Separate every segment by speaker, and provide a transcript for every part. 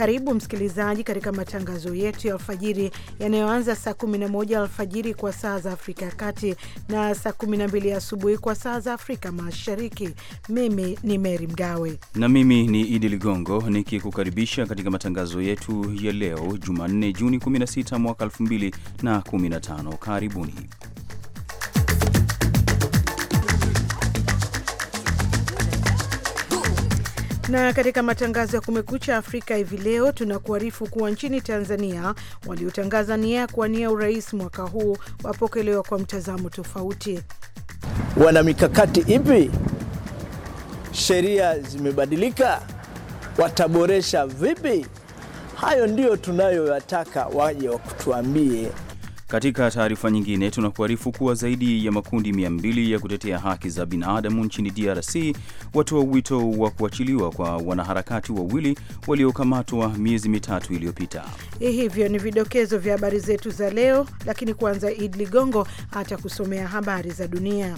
Speaker 1: Karibu msikilizaji katika matangazo yetu ya alfajiri yanayoanza saa 11 alfajiri kwa saa za Afrika ya Kati na saa 12 asubuhi kwa saa za Afrika Mashariki. Mimi ni Meri Mgawe
Speaker 2: na mimi ni Idi Ligongo nikikukaribisha katika matangazo yetu ya leo Jumanne, Juni 16 mwaka 2015. Karibuni.
Speaker 1: Na katika matangazo ya Kumekucha Afrika hivi leo tunakuarifu kuwa nchini Tanzania waliotangaza nia ya kuwania urais mwaka huu wapokelewa kwa mtazamo tofauti.
Speaker 3: Wana mikakati ipi? Sheria zimebadilika? Wataboresha vipi? Hayo ndiyo tunayoyataka waje wakutuambie.
Speaker 2: Katika taarifa nyingine, tunakuarifu kuwa zaidi ya makundi 200 ya kutetea haki za binadamu nchini DRC watoa wito wa kuachiliwa kwa wanaharakati wawili waliokamatwa miezi mitatu iliyopita.
Speaker 1: Hivyo ni vidokezo vya habari zetu za leo, lakini kwanza Idi Ligongo atakusomea habari za dunia.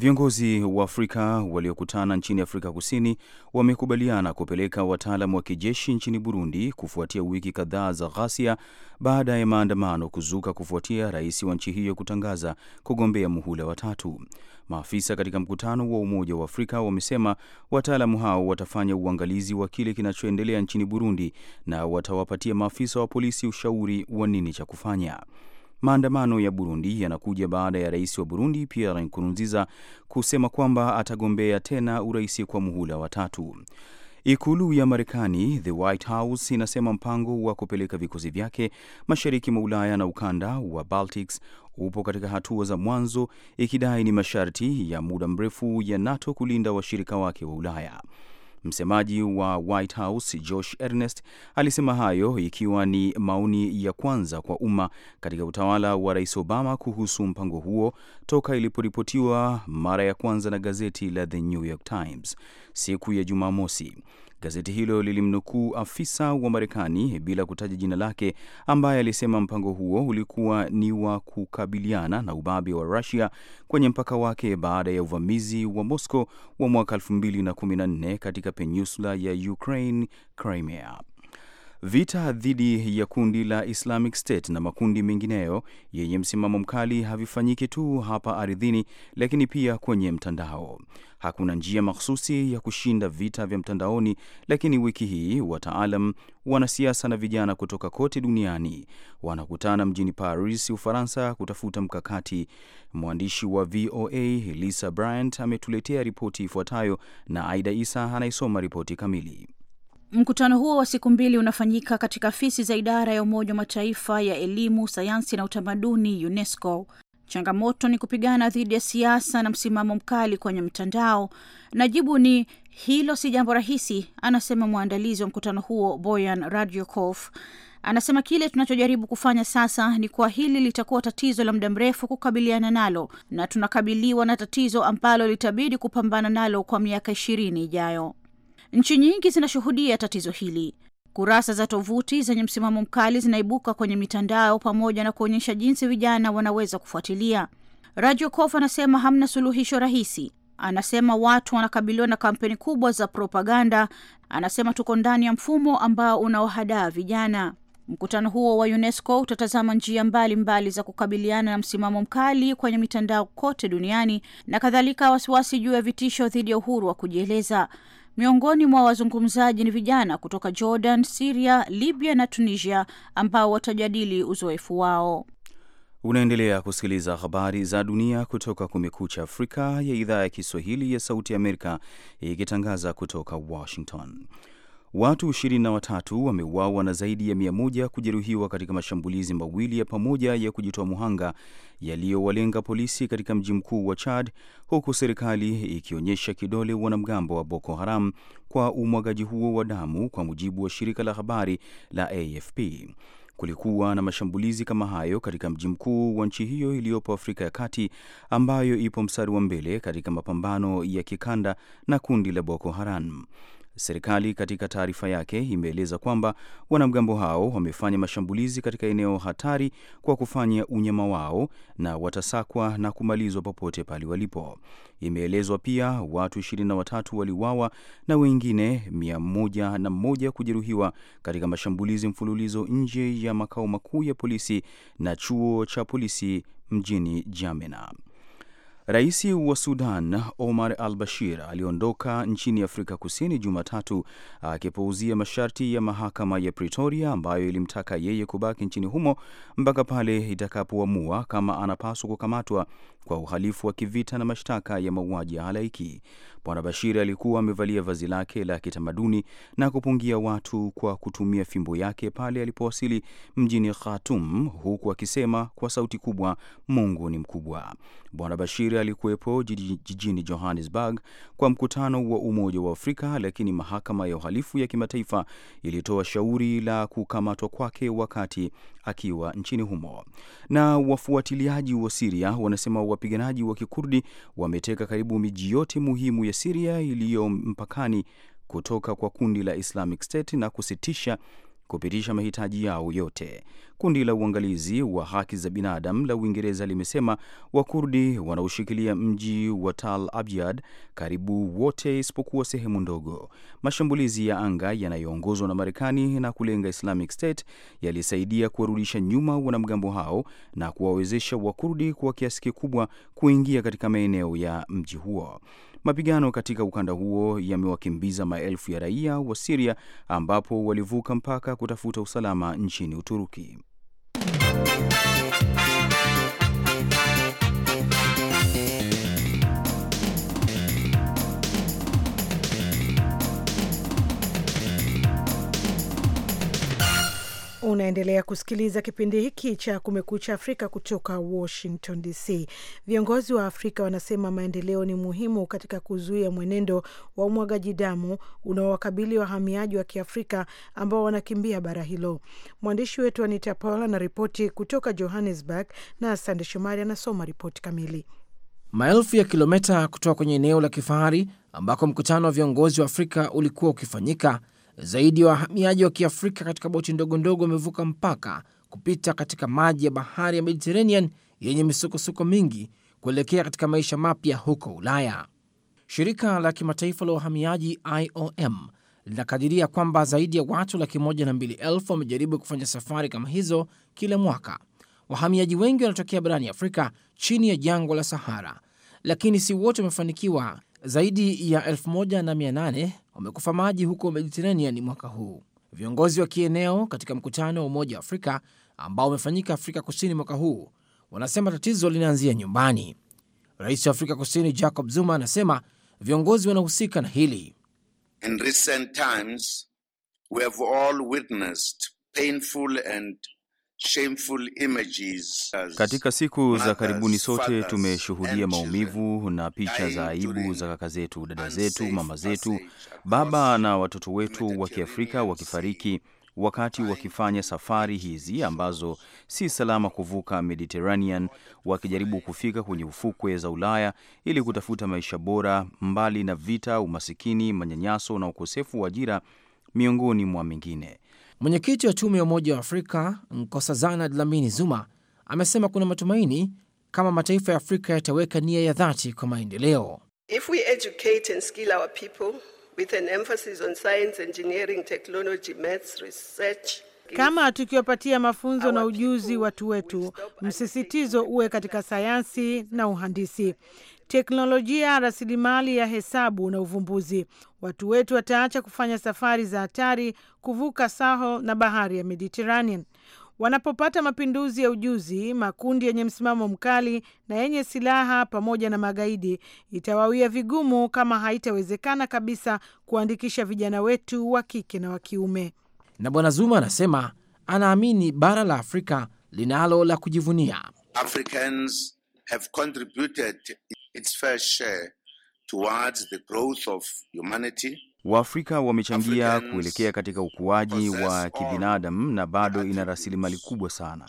Speaker 2: Viongozi wa Afrika waliokutana nchini Afrika Kusini wamekubaliana kupeleka wataalam wa kijeshi nchini Burundi kufuatia wiki kadhaa za ghasia baada ya maandamano kuzuka kufuatia rais wa nchi hiyo kutangaza kugombea muhula watatu. Maafisa katika mkutano wa Umoja wa Afrika wamesema wataalamu hao watafanya uangalizi wa kile kinachoendelea nchini Burundi na watawapatia maafisa wa polisi ushauri wa nini cha kufanya. Maandamano ya Burundi yanakuja baada ya rais wa Burundi Pierre Nkurunziza kusema kwamba atagombea tena urais kwa muhula wa tatu. Ikulu ya Marekani, the White House, inasema mpango wa kupeleka vikosi vyake mashariki mwa Ulaya na ukanda wa Baltics upo katika hatua za mwanzo, ikidai ni masharti ya muda mrefu ya NATO kulinda washirika wake wa Ulaya. Msemaji wa White House Josh Ernest alisema hayo ikiwa ni maoni ya kwanza kwa umma katika utawala wa Rais Obama kuhusu mpango huo toka iliporipotiwa mara ya kwanza na gazeti la The New York Times siku ya Jumamosi. Gazeti hilo lilimnukuu afisa wa Marekani bila kutaja jina lake, ambaye alisema mpango huo ulikuwa ni wa kukabiliana na ubabe wa Rusia kwenye mpaka wake baada ya uvamizi wa Moscow wa mwaka 2014 katika peninsula ya Ukraine, Crimea. Vita dhidi ya kundi la Islamic State na makundi mengineyo yenye msimamo mkali havifanyiki tu hapa ardhini, lakini pia kwenye mtandao. Hakuna njia mahsusi ya kushinda vita vya mtandaoni, lakini wiki hii wataalam, wanasiasa na vijana kutoka kote duniani wanakutana mjini Paris, Ufaransa, kutafuta mkakati. Mwandishi wa VOA Lisa Bryant ametuletea ripoti ifuatayo na Aida Isa anaisoma ripoti kamili.
Speaker 4: Mkutano huo wa siku mbili unafanyika katika afisi za idara ya Umoja wa Mataifa ya elimu, sayansi na utamaduni, UNESCO. Changamoto ni kupigana dhidi ya siasa na msimamo mkali kwenye mtandao, na jibu ni hilo si jambo rahisi, anasema mwandalizi wa mkutano huo Boyan Radyokov. Anasema kile tunachojaribu kufanya sasa ni kuwa hili litakuwa tatizo la muda mrefu kukabiliana nalo, na tunakabiliwa na tatizo ambalo litabidi kupambana nalo kwa miaka ishirini ijayo. Nchi nyingi zinashuhudia tatizo hili. Kurasa za tovuti zenye msimamo mkali zinaibuka kwenye mitandao pamoja na kuonyesha jinsi vijana wanaweza kufuatilia. rajokov anasema hamna suluhisho rahisi. Anasema watu wanakabiliwa na kampeni kubwa za propaganda. Anasema tuko ndani ya mfumo ambao unaohadaa vijana. Mkutano huo wa UNESCO utatazama njia mbalimbali mbali za kukabiliana na msimamo mkali kwenye mitandao kote duniani na kadhalika, wasiwasi juu ya vitisho dhidi ya uhuru wa kujieleza. Miongoni mwa wazungumzaji ni vijana kutoka Jordan, Siria, Libya na Tunisia ambao watajadili uzoefu wao.
Speaker 2: Unaendelea kusikiliza habari za dunia kutoka Kumekucha Afrika ya idhaa ya Kiswahili ya Sauti ya Amerika ikitangaza kutoka Washington. Watu 23 wameuawa na zaidi ya 100 kujeruhiwa katika mashambulizi mawili ya pamoja ya kujitoa muhanga yaliyowalenga polisi katika mji mkuu wa Chad, huku serikali ikionyesha kidole wanamgambo wa Boko Haram kwa umwagaji huo wa damu, kwa mujibu wa shirika la habari la AFP. Kulikuwa na mashambulizi kama hayo katika mji mkuu wa nchi hiyo iliyopo Afrika ya Kati, ambayo ipo mstari wa mbele katika mapambano ya kikanda na kundi la Boko Haram. Serikali katika taarifa yake imeeleza kwamba wanamgambo hao wamefanya mashambulizi katika eneo hatari kwa kufanya unyama wao na watasakwa na kumalizwa popote pale walipo. Imeelezwa pia watu 23 waliuawa na wengine mia moja na moja kujeruhiwa katika mashambulizi mfululizo nje ya makao makuu ya polisi na chuo cha polisi mjini Jamena. Rais wa Sudan Omar al Bashir aliondoka nchini Afrika Kusini Jumatatu akipuuzia masharti ya mahakama ya Pretoria ambayo ilimtaka yeye kubaki nchini humo mpaka pale itakapoamua kama anapaswa kukamatwa kwa uhalifu wa kivita na mashtaka ya mauaji ya halaiki. Bwana Bashir alikuwa amevalia vazi lake la kitamaduni na kupungia watu kwa kutumia fimbo yake pale alipowasili mjini Khartoum, huku akisema kwa sauti kubwa, Mungu ni mkubwa. Bwana Bashir alikuwepo jijini Johannesburg kwa mkutano wa Umoja wa Afrika, lakini mahakama ya uhalifu ya kimataifa ilitoa shauri la kukamatwa kwake wakati akiwa nchini humo, na wafuatiliaji wa Siria wanasema wapiganaji wa Kikurdi wameteka karibu miji yote muhimu ya Siria iliyo mpakani kutoka kwa kundi la Islamic State na kusitisha kupitisha mahitaji yao yote. Kundi la uangalizi wa haki za binadamu la Uingereza limesema Wakurdi wanaoshikilia mji wa Tal Abyad karibu wote isipokuwa sehemu ndogo. Mashambulizi ya anga yanayoongozwa na Marekani na kulenga Islamic State yalisaidia kuwarudisha nyuma wanamgambo hao na kuwawezesha Wakurdi kwa kiasi kikubwa kuingia katika maeneo ya mji huo. Mapigano katika ukanda huo yamewakimbiza maelfu ya raia wa Siria ambapo walivuka mpaka kutafuta usalama nchini Uturuki.
Speaker 1: Unaendelea kusikiliza kipindi hiki cha Kumekucha Afrika kutoka Washington DC. Viongozi wa Afrika wanasema maendeleo ni muhimu katika kuzuia mwenendo wa umwagaji damu unaowakabili wahamiaji wa Kiafrika ambao wanakimbia bara hilo. Mwandishi wetu Anita Paul anaripoti kutoka Johannesburg na Sande Shomari anasoma ripoti kamili.
Speaker 3: Maelfu ya kilometa kutoka kwenye eneo la kifahari ambako mkutano wa viongozi wa Afrika ulikuwa ukifanyika zaidi ya wa wahamiaji wa Kiafrika katika boti ndogo ndogo wamevuka mpaka kupita katika maji ya bahari ya Mediterranean yenye misukosuko mingi kuelekea katika maisha mapya huko Ulaya. Shirika la kimataifa la uhamiaji IOM linakadiria kwamba zaidi ya watu laki moja na mbili elfu wamejaribu kufanya safari kama hizo kila mwaka. Wahamiaji wengi wanatokea barani Afrika chini ya jangwa la Sahara, lakini si wote wamefanikiwa zaidi ya 1800 wamekufa maji huko Mediterranean mwaka huu. Viongozi wa kieneo katika mkutano wa Umoja wa Afrika ambao umefanyika Afrika Kusini mwaka huu wanasema tatizo linaanzia nyumbani. Rais wa Afrika Kusini Jacob Zuma anasema viongozi wanahusika na hili. In recent times, we have all witnessed painful and Shameful images as katika
Speaker 2: siku za karibuni sote tumeshuhudia maumivu na picha za aibu za kaka zetu, dada zetu, mama zetu, baba na watoto wetu wa Kiafrika wakifariki wakati wakifanya safari hizi ambazo si salama kuvuka Mediterranean, wakijaribu kufika kwenye ufukwe za Ulaya ili kutafuta maisha bora mbali na vita, umasikini, manyanyaso
Speaker 3: na ukosefu wa ajira miongoni mwa mengine. Mwenyekiti wa tume ya Umoja wa Afrika Nkosazana Dlamini Zuma amesema kuna matumaini kama mataifa ya Afrika yataweka nia ya dhati kwa maendeleo. Kama tukiwapatia
Speaker 1: mafunzo na ujuzi watu wetu, msisitizo uwe katika sayansi na uhandisi, teknolojia, rasilimali ya hesabu na uvumbuzi. Watu wetu wataacha kufanya safari za hatari kuvuka Saho na bahari ya Mediterranean. Wanapopata mapinduzi ya ujuzi, makundi yenye msimamo mkali na yenye silaha pamoja na magaidi itawawia vigumu, kama haitawezekana kabisa kuandikisha vijana wetu wa kike na wa kiume.
Speaker 3: Na Bwana Zuma anasema anaamini bara la Afrika linalo la kujivunia. Africans have contributed its fair share towards the growth of humanity.
Speaker 2: Waafrika wamechangia kuelekea katika ukuaji wa kibinadamu na bado ina rasilimali kubwa sana.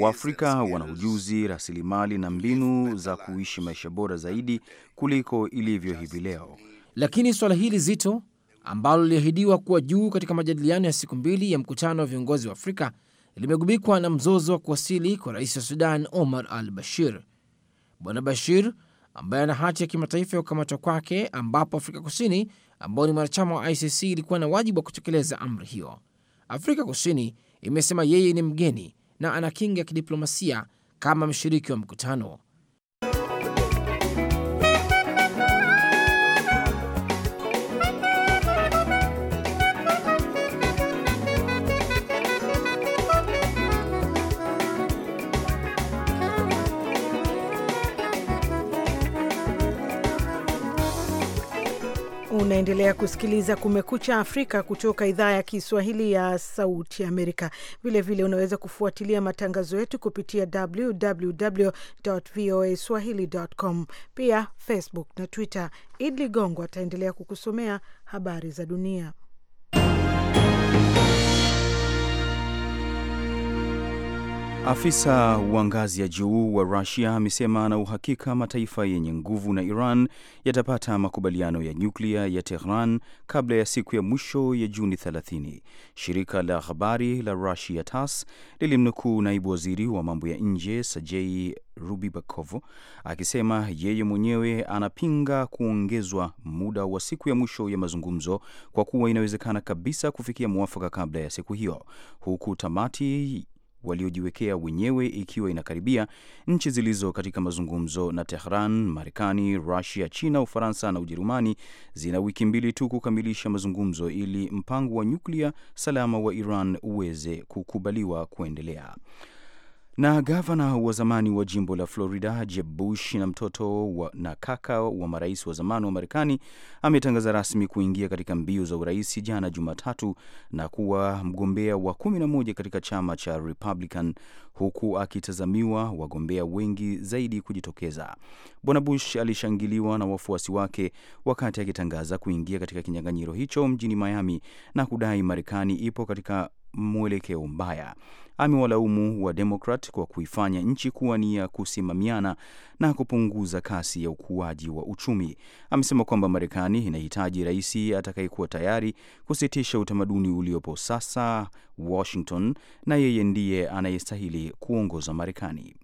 Speaker 2: Waafrika wana ujuzi, rasilimali na mbinu za kuishi
Speaker 3: maisha bora zaidi kuliko ilivyo hivi leo. Lakini suala hili zito ambalo liliahidiwa kuwa juu katika majadiliano ya siku mbili ya mkutano wa viongozi wa Afrika limegubikwa na mzozo wa kuwasili kwa rais wa Sudan Omar al Bashir. Bwana Bashir ambaye ana hati ya kimataifa ya kukamatwa kwake, ambapo Afrika Kusini ambao ni mwanachama wa ICC ilikuwa na wajibu wa kutekeleza amri hiyo. Afrika Kusini imesema yeye ni mgeni na ana kinga ya kidiplomasia kama mshiriki wa mkutano,
Speaker 1: Unaendelea kusikiliza Kumekucha Afrika kutoka idhaa ya Kiswahili ya Sauti Amerika. Vilevile unaweza kufuatilia matangazo yetu kupitia www voa swahilicom, pia Facebook na Twitter. Id Ligongo ataendelea kukusomea habari za dunia.
Speaker 2: Afisa wa ngazi ya juu wa Rusia amesema ana uhakika mataifa yenye nguvu na Iran yatapata makubaliano ya nyuklia ya Tehran kabla ya siku ya mwisho ya Juni 30. Shirika la habari la Rusia TASS lilimnukuu naibu waziri wa mambo ya nje Sergei rubibakov akisema yeye mwenyewe anapinga kuongezwa muda wa siku ya mwisho ya mazungumzo kwa kuwa inawezekana kabisa kufikia mwafaka kabla ya siku hiyo, huku tamati waliojiwekea wenyewe ikiwa inakaribia nchi zilizo katika mazungumzo na Tehran. Marekani, Rusia, China, Ufaransa na Ujerumani zina wiki mbili tu kukamilisha mazungumzo ili mpango wa nyuklia salama wa Iran uweze kukubaliwa kuendelea. Na gavana wa zamani wa jimbo la Florida Jeb Bush na mtoto wa, na kaka wa marais wa zamani wa Marekani ametangaza rasmi kuingia katika mbio za urais jana Jumatatu na kuwa mgombea wa kumi na moja katika chama cha Republican huku akitazamiwa wagombea wengi zaidi kujitokeza. Bwana Bush alishangiliwa na wafuasi wake wakati akitangaza kuingia katika kinyang'anyiro hicho mjini Miami na kudai Marekani ipo katika mwelekeo mbaya. Amewalaumu wa Demokrat kwa kuifanya nchi kuwa ni ya kusimamiana na kupunguza kasi ya ukuaji wa uchumi. Amesema kwamba Marekani inahitaji rais atakayekuwa tayari kusitisha utamaduni uliopo sasa Washington, na yeye ndiye anayestahili kuongoza Marekani.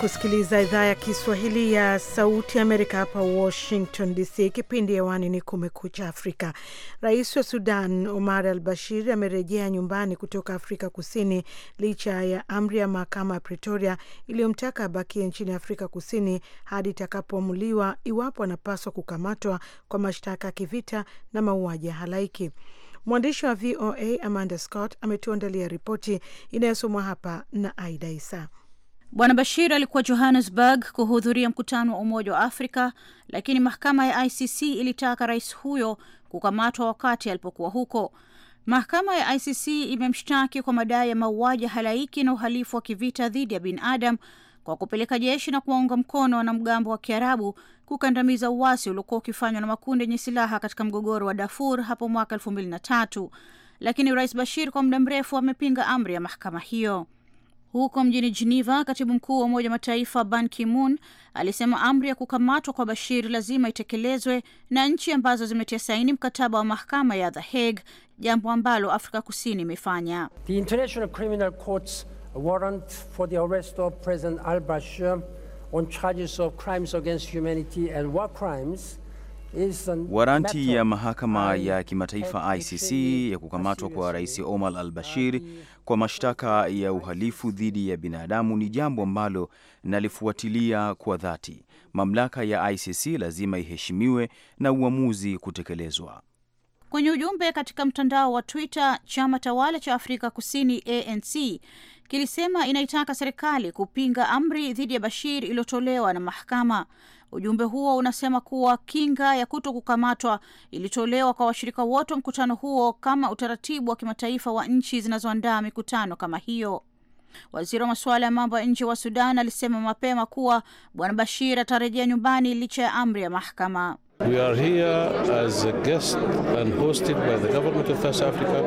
Speaker 1: kusikiliza idhaa ya Kiswahili ya Sauti ya Amerika hapa Washington DC. Kipindi hewani ni Kumekucha Afrika. Rais wa Sudan Omar al Bashir amerejea nyumbani kutoka Afrika Kusini licha ya amri ya mahakama ya Pretoria iliyomtaka abakie nchini Afrika Kusini hadi itakapoamuliwa iwapo anapaswa kukamatwa kwa mashtaka ya kivita na mauaji ya halaiki. Mwandishi wa VOA Amanda Scott ametuandalia ripoti inayosomwa hapa na Aida Isa.
Speaker 4: Bwana Bashir alikuwa Johannesburg kuhudhuria mkutano wa Umoja wa Afrika, lakini mahakama ya ICC ilitaka rais huyo kukamatwa wakati alipokuwa huko. Mahakama ya ICC imemshtaki kwa madai ya mauaji halaiki na uhalifu wa kivita dhidi ya binadamu kwa kupeleka jeshi na kuwaunga mkono wanamgambo wa Kiarabu kukandamiza uasi uliokuwa ukifanywa na makundi yenye silaha katika mgogoro wa Darfur hapo mwaka elfu mbili na tatu, lakini rais Bashir kwa muda mrefu amepinga amri ya mahakama hiyo. Huko mjini Geneva, katibu mkuu wa Umoja wa Mataifa Ban Ki-moon alisema amri ya kukamatwa kwa Bashir lazima itekelezwe na nchi ambazo zimetia saini mkataba wa mahakama ya The Hague, jambo ambalo Afrika Kusini imefanya.
Speaker 3: The International Criminal Court's warrant for the arrest of President al-Bashir on charges of crimes against humanity and war crimes Waranti ya
Speaker 2: mahakama ya kimataifa ICC ya kukamatwa kwa rais Omar al-Bashir kwa mashtaka ya uhalifu dhidi ya binadamu ni jambo ambalo nalifuatilia kwa dhati. Mamlaka ya ICC lazima iheshimiwe na uamuzi kutekelezwa.
Speaker 4: Kwenye ujumbe katika mtandao wa Twitter, chama tawala cha Afrika Kusini ANC kilisema inaitaka serikali kupinga amri dhidi ya Bashir iliyotolewa na mahakama. Ujumbe huo unasema kuwa kinga ya kuto kukamatwa ilitolewa kwa washirika wote wa mkutano huo kama utaratibu wa kimataifa wa nchi zinazoandaa mikutano kama hiyo. Waziri wa masuala ya mambo ya nje wa Sudan alisema mapema kuwa bwana Bashir atarejea nyumbani licha ya amri ya mahakama.
Speaker 1: We are here as a guest and hosted by the government of South
Speaker 2: Africa.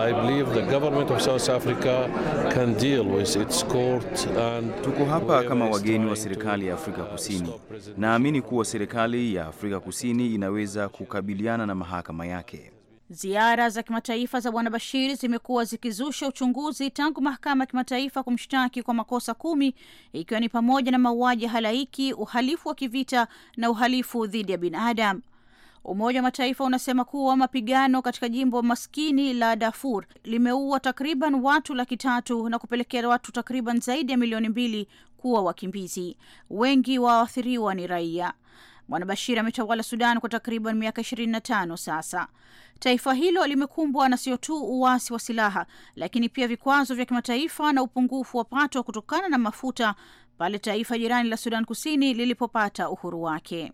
Speaker 2: I believe the government of South Africa can deal with its court and tuko hapa kama wageni wa serikali ya Afrika Kusini. Naamini kuwa serikali ya Afrika Kusini inaweza kukabiliana na mahakama yake.
Speaker 4: Ziara za kimataifa za Bwana Bashir zimekuwa zikizusha uchunguzi tangu mahakama ya kimataifa kumshtaki kwa makosa kumi ikiwa ni pamoja na mauaji halaiki, uhalifu wa kivita na uhalifu dhidi ya binadamu. Umoja wa Mataifa unasema kuwa mapigano katika jimbo maskini la Darfur limeua takriban watu laki tatu na kupelekea watu takriban zaidi ya milioni mbili kuwa wakimbizi. Wengi waathiriwa ni raia. Bwana Bashir ametawala Sudan kwa takriban miaka 25 sasa. Taifa hilo limekumbwa na sio tu uasi wa silaha, lakini pia vikwazo vya kimataifa na upungufu wa pato kutokana na mafuta pale taifa jirani la Sudan Kusini lilipopata uhuru wake.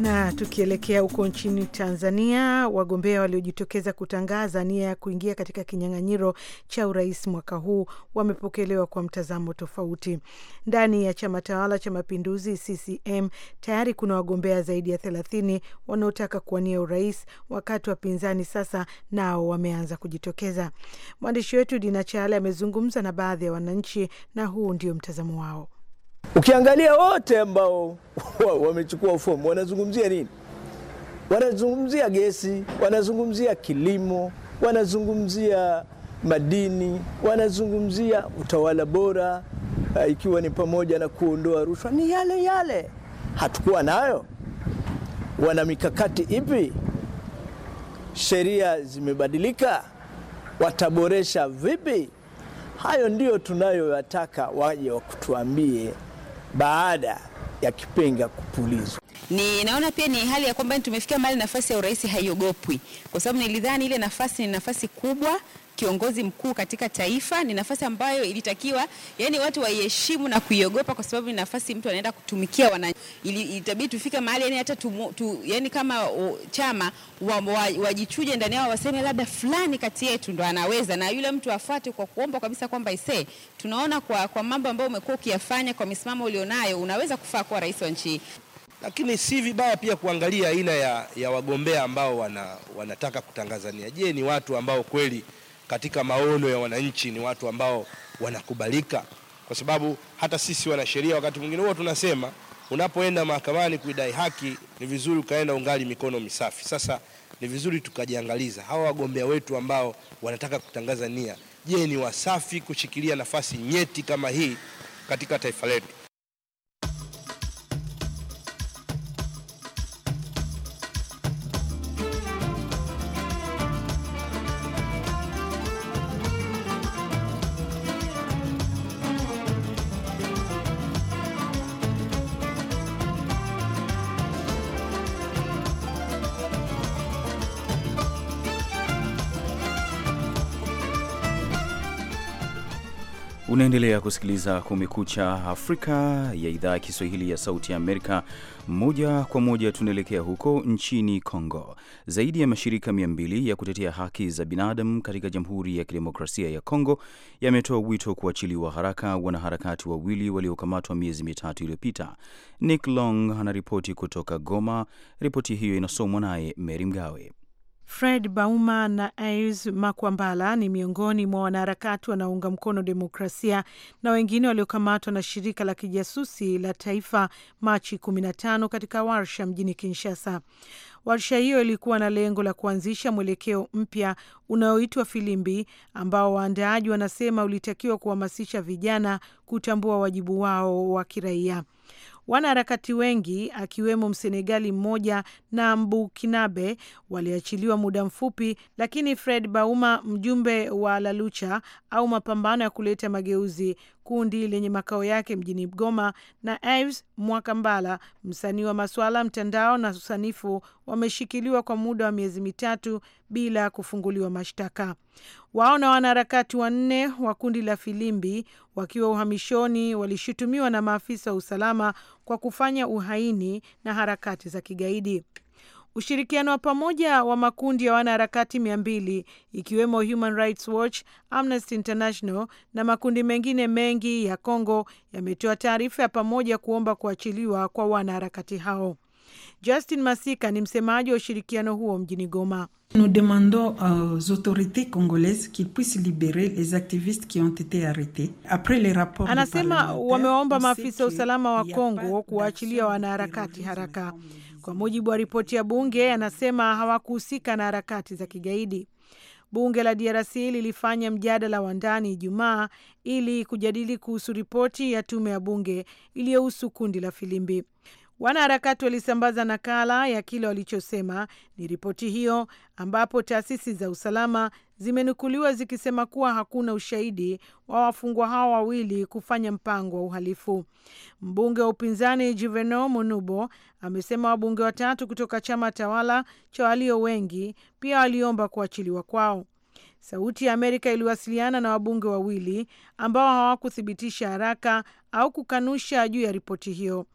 Speaker 1: Na tukielekea huko nchini Tanzania, wagombea waliojitokeza kutangaza nia ya kuingia katika kinyang'anyiro cha urais mwaka huu wamepokelewa kwa mtazamo tofauti. Ndani ya chama tawala cha Mapinduzi, CCM, tayari kuna wagombea zaidi ya thelathini wanaotaka kuwania urais, wakati wapinzani sasa nao wameanza kujitokeza. Mwandishi wetu Dina Chale amezungumza na baadhi ya wananchi na huu ndio mtazamo wao.
Speaker 3: Ukiangalia wote ambao wamechukua fomu wanazungumzia nini? Wanazungumzia gesi, wanazungumzia kilimo, wanazungumzia madini, wanazungumzia utawala bora, uh, ikiwa ni pamoja na kuondoa rushwa. Ni yale yale, hatukuwa nayo. Wana mikakati ipi? Sheria zimebadilika, wataboresha vipi? Hayo ndiyo tunayoyataka waje wakutuambie baada ya kipenga kupulizwa
Speaker 4: ni naona pia ni hali ya kwamba tumefikia mahali nafasi ya urais haiogopwi, kwa sababu nilidhani ile nafasi ni nafasi kubwa kiongozi mkuu katika taifa ni nafasi ambayo ilitakiwa yani watu waiheshimu na kuiogopa, kwa sababu ni nafasi mtu anaenda kutumikia wananchi. Itabidi tufike mahali yani hata tumu, tu, yani kama o, chama wajichuje wa, wa ndani yao waseme labda fulani kati yetu ndo anaweza, na yule mtu afuate kwa kuomba kabisa kwamba ise, tunaona kwa, kwa mambo ambayo umekuwa ukiyafanya kwa misimamo ulionayo unaweza kufaa kuwa rais wa nchi hii
Speaker 3: lakini si vibaya pia kuangalia aina ya, ya wagombea ambao wana, wanataka kutangazania. Je, ni watu ambao kweli katika maono ya wananchi ni watu ambao wanakubalika? Kwa sababu hata sisi wanasheria wakati mwingine huwa tunasema unapoenda mahakamani kuidai haki ni vizuri ukaenda ungali mikono misafi. Sasa ni vizuri tukajiangaliza hawa wagombea wetu ambao wanataka kutangaza nia, je, ni wasafi kushikilia nafasi nyeti kama hii katika taifa letu?
Speaker 2: kusikiliza Kumekucha Afrika ya idhaa ya Kiswahili ya Sauti ya Amerika. Moja kwa moja tunaelekea huko nchini Kongo. Zaidi ya mashirika mia mbili ya kutetea haki za binadamu katika Jamhuri ya Kidemokrasia ya Kongo yametoa wito kuachiliwa haraka wanaharakati wawili waliokamatwa miezi mitatu iliyopita. Nick Long anaripoti kutoka Goma. Ripoti hiyo inasomwa naye mery Mgawe.
Speaker 1: Fred Bauma na Ais Makwambala ni miongoni mwa wanaharakati wanaounga mkono demokrasia na wengine waliokamatwa na shirika la kijasusi la taifa Machi 15 katika warsha mjini Kinshasa. Warsha hiyo ilikuwa na lengo la kuanzisha mwelekeo mpya unaoitwa Filimbi, ambao waandaaji wanasema ulitakiwa kuhamasisha vijana kutambua wajibu wao wa kiraia. Wanaharakati wengi akiwemo Msenegali mmoja na Mbukinabe waliachiliwa muda mfupi, lakini Fred Bauma, mjumbe wa Lalucha au mapambano ya kuleta mageuzi kundi lenye makao yake mjini Goma, na Ives Mwakambala, msanii wa masuala mtandao na usanifu, wameshikiliwa kwa muda wa miezi mitatu bila kufunguliwa mashtaka. Wao na wanaharakati wanne wa kundi la Filimbi wakiwa uhamishoni walishutumiwa na maafisa wa usalama kwa kufanya uhaini na harakati za kigaidi. Ushirikiano wa pamoja wa makundi ya wanaharakati mia mbili ikiwemo Human Rights Watch, Amnesty International na makundi mengine mengi ya congo yametoa taarifa ya pamoja kuomba kuachiliwa kwa wanaharakati hao. Justin Masika ni msemaji wa ushirikiano huo mjini Goma. Nous demandons aux autorités congolaises qu'ils puissent libérer les activistes qui ont été arrêtés. Après les rapports Anasema wamewaomba maafisa usalama wa Kongo kuwaachilia wanaharakati haraka. Kwa mujibu wa ripoti ya bunge, anasema hawakuhusika na harakati za kigaidi. Bunge la DRC lilifanya mjadala wa ndani Ijumaa ili kujadili kuhusu ripoti ya tume ya bunge iliyohusu kundi la Filimbi. Wanaharakati walisambaza nakala ya kile walichosema ni ripoti hiyo, ambapo taasisi za usalama zimenukuliwa zikisema kuwa hakuna ushahidi wa wafungwa hao wawili kufanya mpango wa uhalifu. Mbunge wa upinzani Juveno Munubo amesema wabunge watatu kutoka chama tawala cha walio wengi pia waliomba kuachiliwa kwao. Sauti ya Amerika iliwasiliana na wabunge wawili ambao hawakuthibitisha haraka au kukanusha juu ya ripoti hiyo.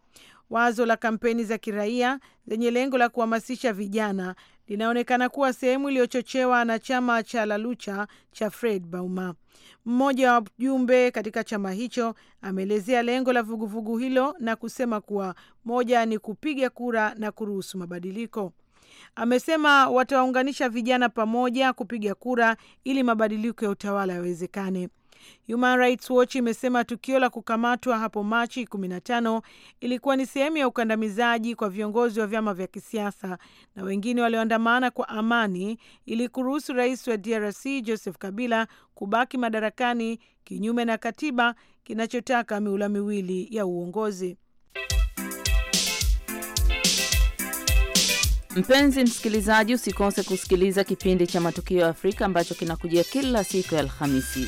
Speaker 1: Wazo la kampeni za kiraia zenye lengo la kuhamasisha vijana linaonekana kuwa sehemu iliyochochewa na chama cha la lucha cha Fred Bauma. Mmoja wa jumbe katika chama hicho ameelezea lengo la vuguvugu vugu hilo na kusema kuwa moja ni kupiga kura na kuruhusu mabadiliko. Amesema watawaunganisha vijana pamoja kupiga kura ili mabadiliko ya utawala yawezekane. Human Rights Watch imesema tukio la kukamatwa hapo Machi 15 ilikuwa ni sehemu ya ukandamizaji kwa viongozi wa vyama vya kisiasa na wengine walioandamana kwa amani ili kuruhusu rais wa DRC Joseph Kabila kubaki madarakani kinyume na katiba kinachotaka miula miwili ya uongozi.
Speaker 5: Mpenzi msikilizaji, usikose kusikiliza kipindi cha Matukio ya Afrika ambacho kinakujia kila siku ya Alhamisi.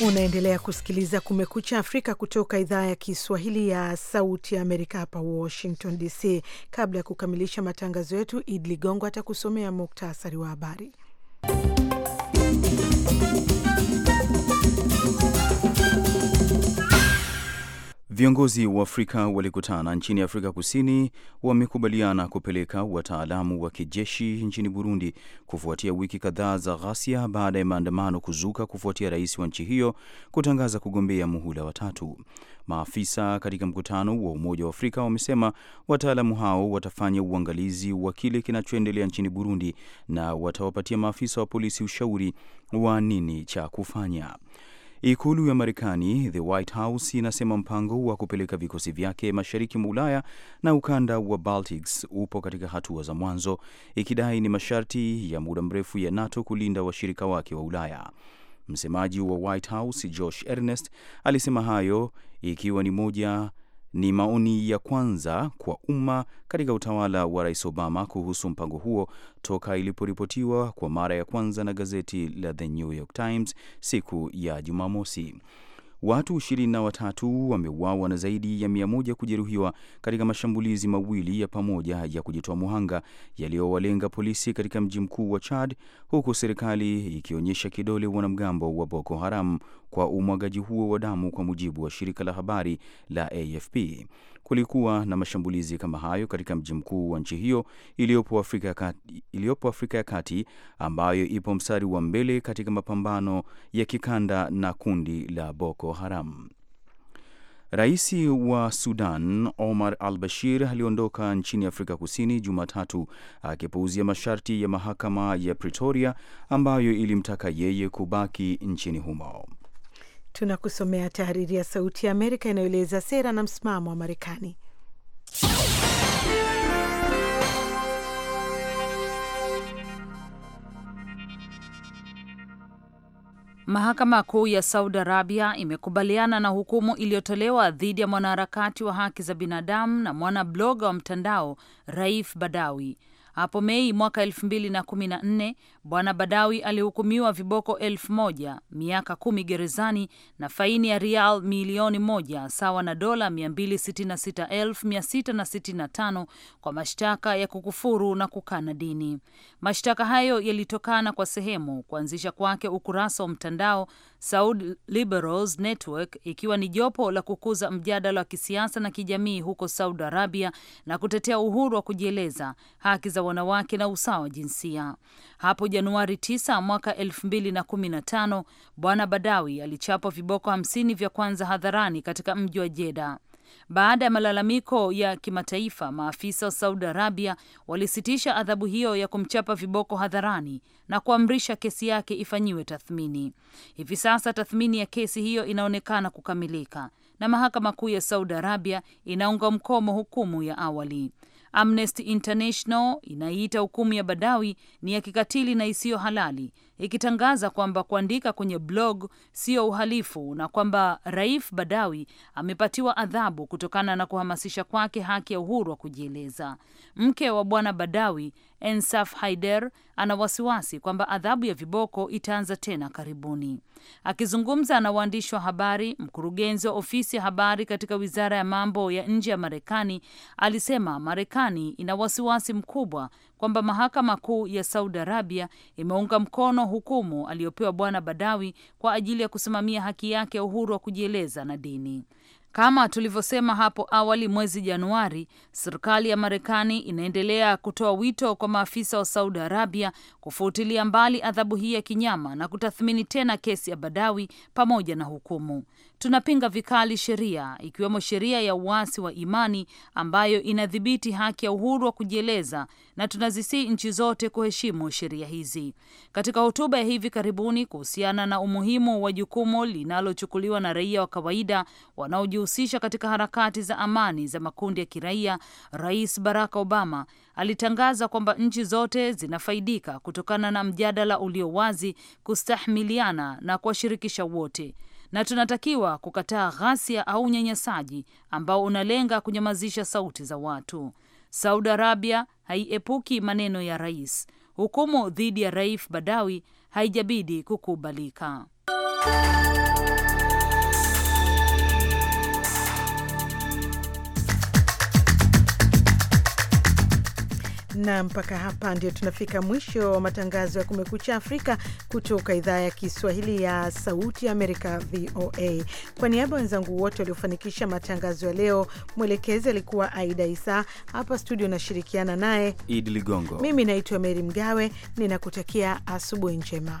Speaker 1: Unaendelea kusikiliza Kumekucha Afrika kutoka idhaa ya Kiswahili ya Sauti ya Amerika, hapa Washington DC. Kabla ya kukamilisha matangazo yetu, Idi Ligongo atakusomea muktasari wa habari.
Speaker 2: Viongozi wa Afrika walikutana nchini Afrika Kusini wamekubaliana kupeleka wataalamu wa kijeshi nchini Burundi kufuatia wiki kadhaa za ghasia baada ya maandamano kuzuka kufuatia rais wa nchi hiyo kutangaza kugombea muhula watatu. Maafisa katika mkutano wa Umoja wa Afrika wamesema wataalamu hao watafanya uangalizi wa kile kinachoendelea nchini Burundi na watawapatia maafisa wa polisi ushauri wa nini cha kufanya. Ikulu ya Marekani, the White House, inasema mpango wa kupeleka vikosi vyake mashariki mwa Ulaya na ukanda wa Baltics upo katika hatua za mwanzo, ikidai ni masharti ya muda mrefu ya NATO kulinda washirika wake wa Ulaya. Msemaji wa White House Josh Ernest alisema hayo ikiwa ni moja ni maoni ya kwanza kwa umma katika utawala wa Rais Obama kuhusu mpango huo toka iliporipotiwa kwa mara ya kwanza na gazeti la The New York Times siku ya Jumamosi. Watu ishirini na watatu wameuawa na zaidi ya mia moja kujeruhiwa katika mashambulizi mawili ya pamoja ya kujitoa muhanga yaliyowalenga polisi katika mji mkuu wa Chad, huku serikali ikionyesha kidole wanamgambo wa Boko Haram kwa umwagaji huo wa damu, kwa mujibu wa shirika la habari la AFP kulikuwa na mashambulizi kama hayo katika mji mkuu wa nchi hiyo iliyopo Afrika ya Kati, iliyopo Afrika ya Kati ambayo ipo mstari wa mbele katika mapambano ya kikanda na kundi la Boko Haram. Rais wa Sudan Omar al Bashir aliondoka nchini Afrika Kusini Jumatatu akipuuzia masharti ya mahakama ya Pretoria ambayo ilimtaka yeye kubaki nchini humo.
Speaker 1: Tunakusomea tahariri ya Sauti ya Amerika inayoeleza sera na msimamo wa Marekani.
Speaker 5: Mahakama Kuu ya Saudi Arabia imekubaliana na hukumu iliyotolewa dhidi ya mwanaharakati wa haki za binadamu na mwanabloga wa mtandao Raif Badawi. Hapo Mei mwaka elfu mbili na kumi na nne Bwana Badawi alihukumiwa viboko elfu moja miaka kumi gerezani na faini ya rial milioni moja sawa na dola tano kwa mashtaka ya kukufuru na kukana dini. Mashtaka hayo yalitokana kwa sehemu kuanzisha kwake ukurasa wa mtandao Saudi Liberals Network, ikiwa ni jopo la kukuza mjadala wa kisiasa na kijamii huko Saudi Arabia na kutetea uhuru wa kujieleza, haki za wanawake na usawa wa jinsia. Hapo Januari 9 mwaka 2015, Bwana Badawi alichapa viboko 50 vya kwanza hadharani katika mji wa Jeda. Baada ya malalamiko ya kimataifa, maafisa wa Saudi Arabia walisitisha adhabu hiyo ya kumchapa viboko hadharani na kuamrisha kesi yake ifanyiwe tathmini. Hivi sasa tathmini ya kesi hiyo inaonekana kukamilika na mahakama kuu ya Saudi Arabia inaunga mkono hukumu ya awali. Amnesty International inaiita hukumu ya Badawi ni ya kikatili na isiyo halali ikitangaza kwamba kuandika kwenye blog sio uhalifu na kwamba Raif Badawi amepatiwa adhabu kutokana na kuhamasisha kwake haki ya uhuru wa kujieleza. Mke wa bwana Badawi, Ensaf Haider, ana wasiwasi kwamba adhabu ya viboko itaanza tena karibuni. Akizungumza na waandishi wa habari, mkurugenzi wa ofisi ya habari katika wizara ya mambo ya nje ya Marekani alisema Marekani ina wasiwasi mkubwa kwamba mahakama kuu ya Saudi Arabia imeunga mkono hukumu aliyopewa Bwana Badawi kwa ajili ya kusimamia haki yake ya uhuru wa kujieleza na dini. Kama tulivyosema hapo awali, mwezi Januari, serikali ya Marekani inaendelea kutoa wito kwa maafisa wa Saudi Arabia kufutilia mbali adhabu hii ya kinyama na kutathmini tena kesi ya Badawi pamoja na hukumu. Tunapinga vikali sheria ikiwemo sheria ya uasi wa imani ambayo inadhibiti haki ya uhuru wa kujieleza na tunazisii nchi zote kuheshimu sheria hizi. Katika hotuba ya hivi karibuni kuhusiana na umuhimu wa jukumu linalochukuliwa na raia wa kawaida wanaojihusisha katika harakati za amani za makundi ya kiraia, Rais Barack Obama alitangaza kwamba nchi zote zinafaidika kutokana na mjadala ulio wazi, kustahimiliana na kuwashirikisha wote na tunatakiwa kukataa ghasia au unyanyasaji ambao unalenga kunyamazisha sauti za watu. Saudi Arabia haiepuki maneno ya rais. Hukumu dhidi ya Raif Badawi haijabidi kukubalika.
Speaker 1: na mpaka hapa ndio tunafika mwisho wa matangazo ya Kumekucha Afrika kutoka idhaa ya Kiswahili ya Sauti ya Amerika, VOA. Kwa niaba ya wenzangu wote waliofanikisha matangazo ya leo, mwelekezi alikuwa Aida Isa, hapa studio nashirikiana naye
Speaker 2: Idi Ligongo. Mimi
Speaker 1: naitwa Meri Mgawe, ninakutakia asubuhi njema.